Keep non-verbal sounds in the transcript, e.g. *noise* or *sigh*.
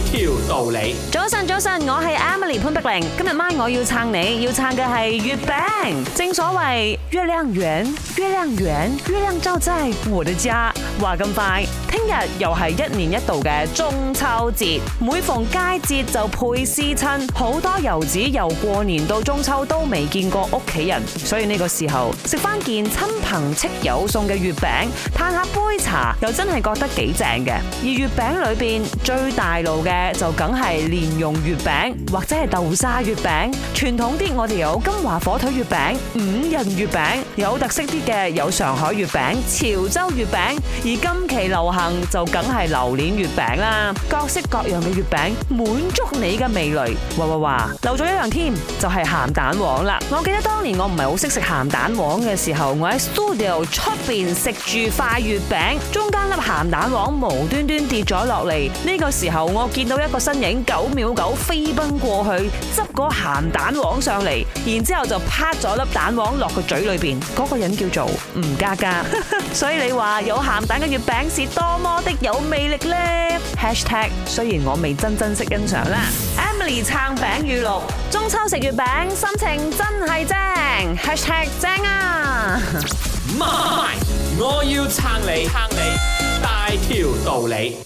條道理。早晨，早晨，我係 Emily 潘碧玲。今日晚我要撐你，要撐嘅係月餅。正所謂月亮圓，月亮圓，月亮照在我的家。話咁快，聽日又係一年一度嘅中秋節。每逢佳節就倍思親，好多遊子由過年到中秋都未見過屋企人，所以呢個時候食翻件親朋戚友送嘅月餅，嘆下杯茶，又真係覺得幾正嘅。而月餅裏邊最大路。嘅 *music* 就梗係蓮蓉月餅或者係豆沙月餅，傳統啲我哋有金華火腿月餅、五仁月餅，有特色啲嘅有上海月餅、潮州月餅，而今期流行就梗係榴蓮月餅啦。各式各樣嘅月餅滿足你嘅味蕾。嘩嘩嘩，漏咗一樣添，就係咸蛋黃啦。我記得當年我唔係好識食咸蛋黃嘅時候，我喺 studio 出邊食住塊月餅，中間粒咸蛋黃無端端跌咗落嚟，呢個時候我。見到一個身影，九秒九飛奔過去，執個鹹蛋黃上嚟，然之後就啪咗粒蛋黃落佢嘴裏邊。嗰個人叫做吳家家，所以你話有鹹蛋嘅月餅是多麼的有魅力呢？#hashtag 雖然我未真真識欣賞啦，Emily 撐餅語錄，中秋食月餅，心情真係正。#hashtag 正啊，我要撐你，撐你，大條道理。